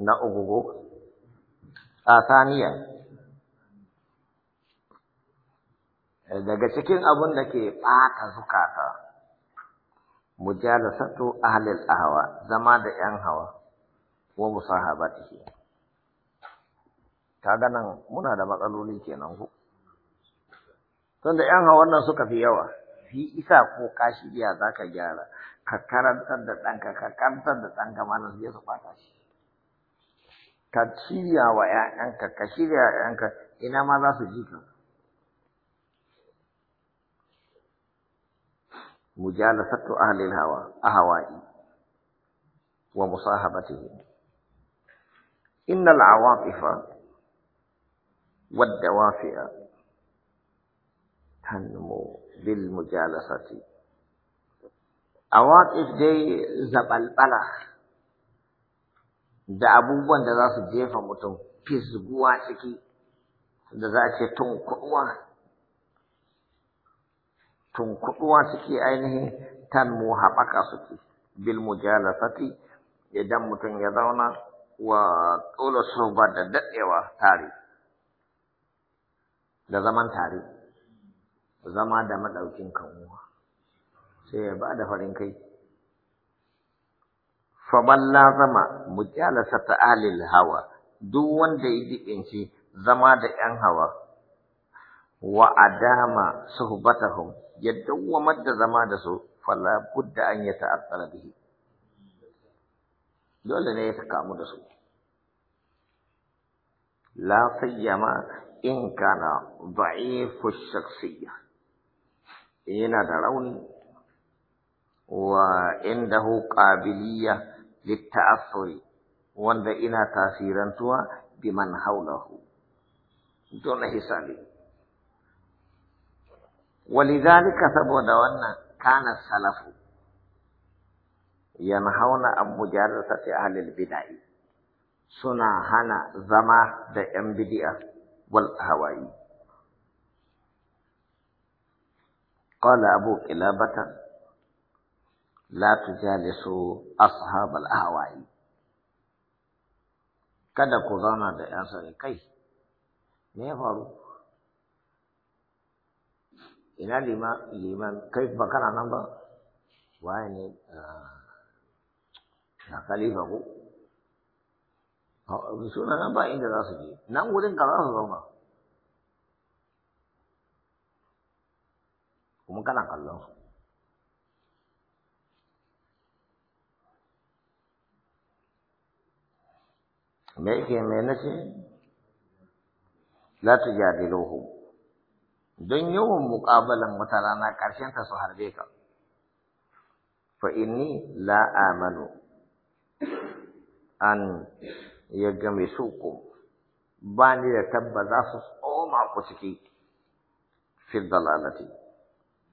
na ugugu a saniya eh, daga cikin abun da ke ɓata zukata mujalasatu ahlil ahwa zama da yan hawa wa musahabatihi kaga nan muna da matsaloli kenan ku tunda yan hawan nan suka fi yawa fi isa ko kashi biya zaka gyara ka karantar da ɗanka ka karantar da ɗanka malam zai su fata shi ka shirya wa ‘ya'yanka, ka shirya ‘ya'yanka, ina ma za su ji ka. Mujala Mujalasatu ahlil hawa, ahawa'i, wa musahabatihi. Innal awaqifa wadda wafi'a tanmu bil mujalasati. Awaqif dai zabalbala. da abubuwan da za su jefa mutum fisguwa ciki da za ce tunkuɗuwa tunkuɗuwa suke ainihin mu haɓaka suke bil mujalasati idan mutum ya zauna wa ƙola ba da daɗewa tare da zaman tare zama da maɗaukin kanwa sai ya ba da farin kai faman zama mujalasa ta alil hawa duk wanda ya diɓinci zama da ‘yan hawa wa adama suhbatahum ya dawwamar da zama da su fala budda an ya ta'attara bihi dole ne ya kamu da su la sayyama in kana da'ifu shakhsiyya yana da rauni wa indahu ƙabiliya. للتأثر وند إنا تأثيرا توا بمن حوله دون حسابي ولذلك ثبوت وأن كان السلف ينهون عن مجالسة أهل البدع سنا هنا زما دا انبدا والهوائي قال ابو كلابه la tujalisu ashabal ahwa'i kada ku zauna da 'yan sani kai me ya faru ina liman kai ba kana nan ba waye ne na khalifa ko suna nan ba inda za su je nan wurin ka za su zauna kuma kana kallon su me yake me nace la tujadiluhu don yawan muƙabalan wata rana ƙarshen ta su harbe ka fa inni la amanu an ya game su ku ba ni da tabba za su tsoma ku ciki fi dalalati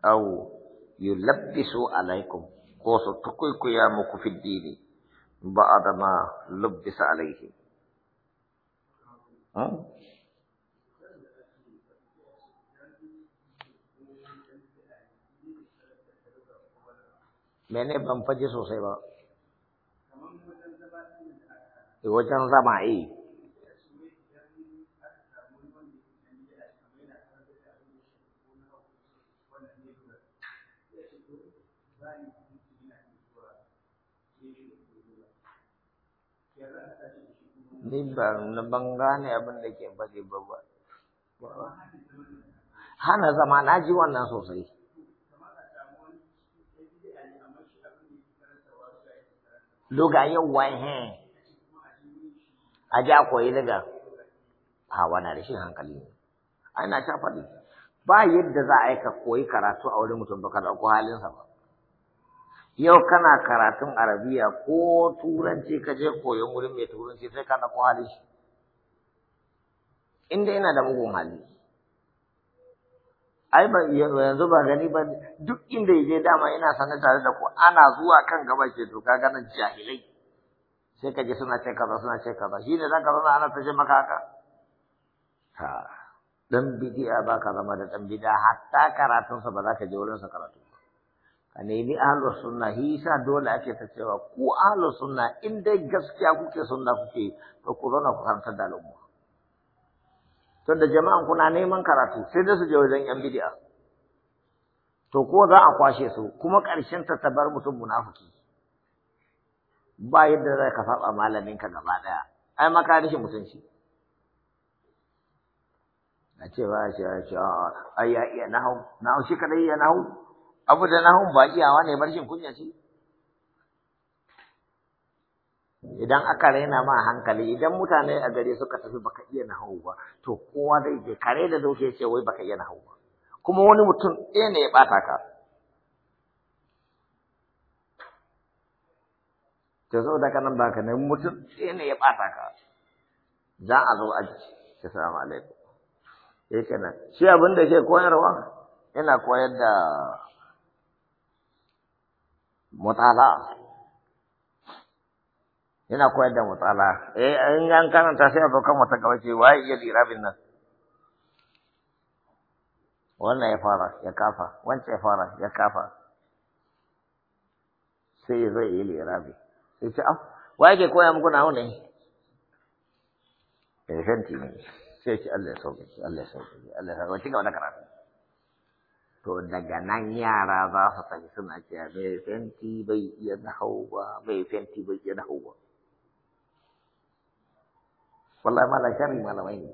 aw yulabbisu alaikum ko su tukuikuya muku fi dini ba'da ma lubbisa alaihi mene ban faji sosai ba wajen zama yi ni ban gane abin da ke faɗi hana zama na ji wannan sosai Luga wa hin a ja koyi daga a da rashin hankali ne, ana ta faɗi, ba yadda za a yi ka koyi karatu a wurin mutum ba ka ɗauko halinsa ba. yau kana karatun arabiya ko turanci ka je koyon wurin mai turanci sai ka ɗauko hali shi inda yana da bugun hali ai ba yanzu ba gani ba duk inda ya je dama yana sanar tare da ku ana zuwa kan gaba ke to ka ganin jahilai sai ka je suna ce kaza suna ce kaza shi ne za ka zama ana fashe maka haka ha dan bidi'a ba ka zama da dan bidiya hatta karatunsa ba za ka je wurinsa karatu a nemi ahlus sunna hi sa dole ake ta cewa ku ahlus sunna in dai gaskiya kuke suna kuke to ku zauna ku karantar da al'umma tunda jama'an kuna neman karatu sai da su je wajen yan bidi'a. to ko za a kwashe su kuma ƙarshen ta ta bar mutum munafiki ba yadda zai ka saba malamin ka gaba daya ai maka mutunci a ce ba shi ya ce a ya iya na hau shi kadai ya hau, abu da na hun ba iyawa ne barshin kunya ce idan aka raina ma hankali idan mutane a gare suka tafi baka iya hau ba to kowa zai je kare da doke ce wai baka iya hau ba kuma wani mutum ɗaya ne ya ɓata ka ta zo da kanan baka ne mutum ɗaya ne ya ɓata ka za a zo aji ta salamu alaikum yake nan shi abin da ke koyarwa yana koyar da mutala yana koyar da mutala eh in an karanta sai a dokan kan wata gaba ce waye iya dirabin nan wannan ya fara ya kafa wancan ya fara ya kafa sai ya zai ya yi lirabi sai ce ah wai ke koya muku na ne eh shanti ne sai ce Allah ya sauke Allah ya sauke Allah ya sauke ci gaba da karatu to daga nan yara za su tafi suna cewa mai fenti bai iya nahau ba mai fenti bai iya nahau ba wallahi mala sharri malamai ne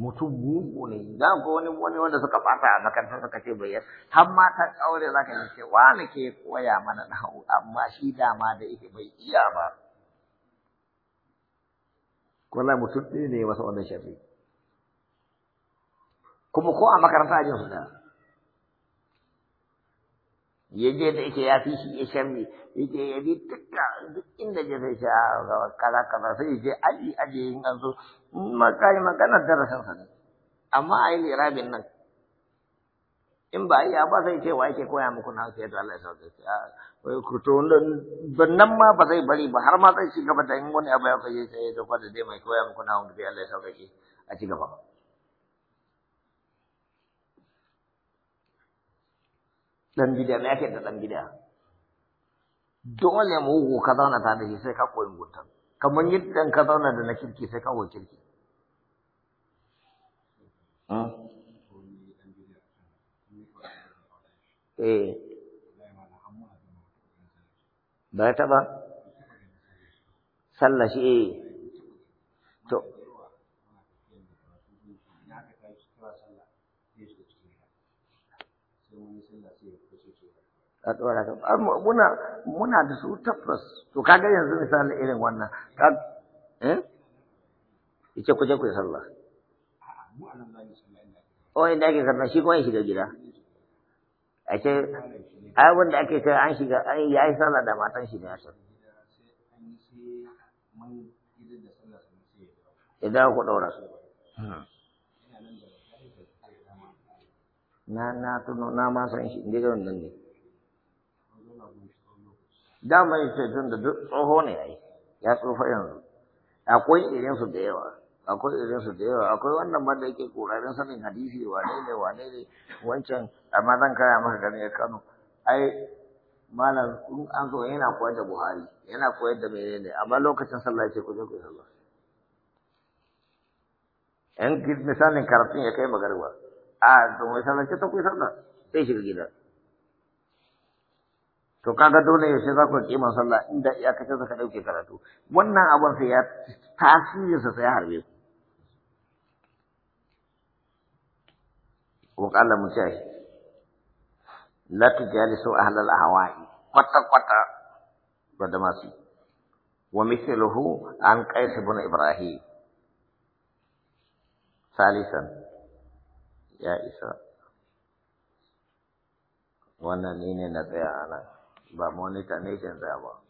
mutum mugu ne za ku wani wani wanda suka fata a makarantar suka ce bai har matan aure za ka yi ce wani ke koya mana hau, amma shi dama da yake bai iya ba wallahi mutum ɗaya ne masa wannan sharri kuma ko a makaranta ajin suna daya ya je da yake ya fi shi ya shamni Ike ya bi duka duk inda je sai shi kaza kaza sai ya je aji aji in an zo makai magana darasin sa ne amma ai lirabin nan in ba ya ba zai ce wa yake koya muku na ke da Allah ya sauke ki wai kuto to nan ma ba zai bari ba har ma zai ci gaba da in wani abu ya faje sai ya zo eh, da dai mai koya muku na wanda Allah ya sauke ki a ci gaba dan gida mai ake da dan gida. dole mugu ka zauna ta da shi sai ka koyi mugunta kamar yadda ka zauna da na kirki sai ka koyi kirki hmm? eh ba ta ba sallah shi eh to a ɗora ka muna muna da su tabbas to kaga yanzu misali irin wannan ka eh ice ku je ku sallah o oh, inda ake sallah shi kuma ya shiga gida a ce ai wanda ake kai an shiga ai ya yi sallah da matan shi ne a sallah idan ku ɗora su hmm. na na tuno na ma san shi inda nan ne dama ya ce tun da duk tsoho ne ai ya tsofa yanzu akwai irinsu da yawa akwai irinsu da yawa akwai wannan ma da yake ƙoƙarin sanin hadisi wane ne wane ne wancan amma zan kaya maka gani ya kano ai malam in an zo yana koyar da buhari yana koyar da menene amma lokacin sallah ce ku je ku sallah yan misalin karatun ya kai magariba a to mai sallah ce ta kuyi sallah sai shiga gida to kaga dole yaushe za ku kima sallah inda ya kace ka dauke karatu wannan abun sai ya tasiri sa sai harbe ku وقال مجاهد لا ahwai kwata kwata قطة masu wa ومثله an qais ibn ibrahim salisan ya isa wannan ne ne na tsaya anan ba monita ne canza ba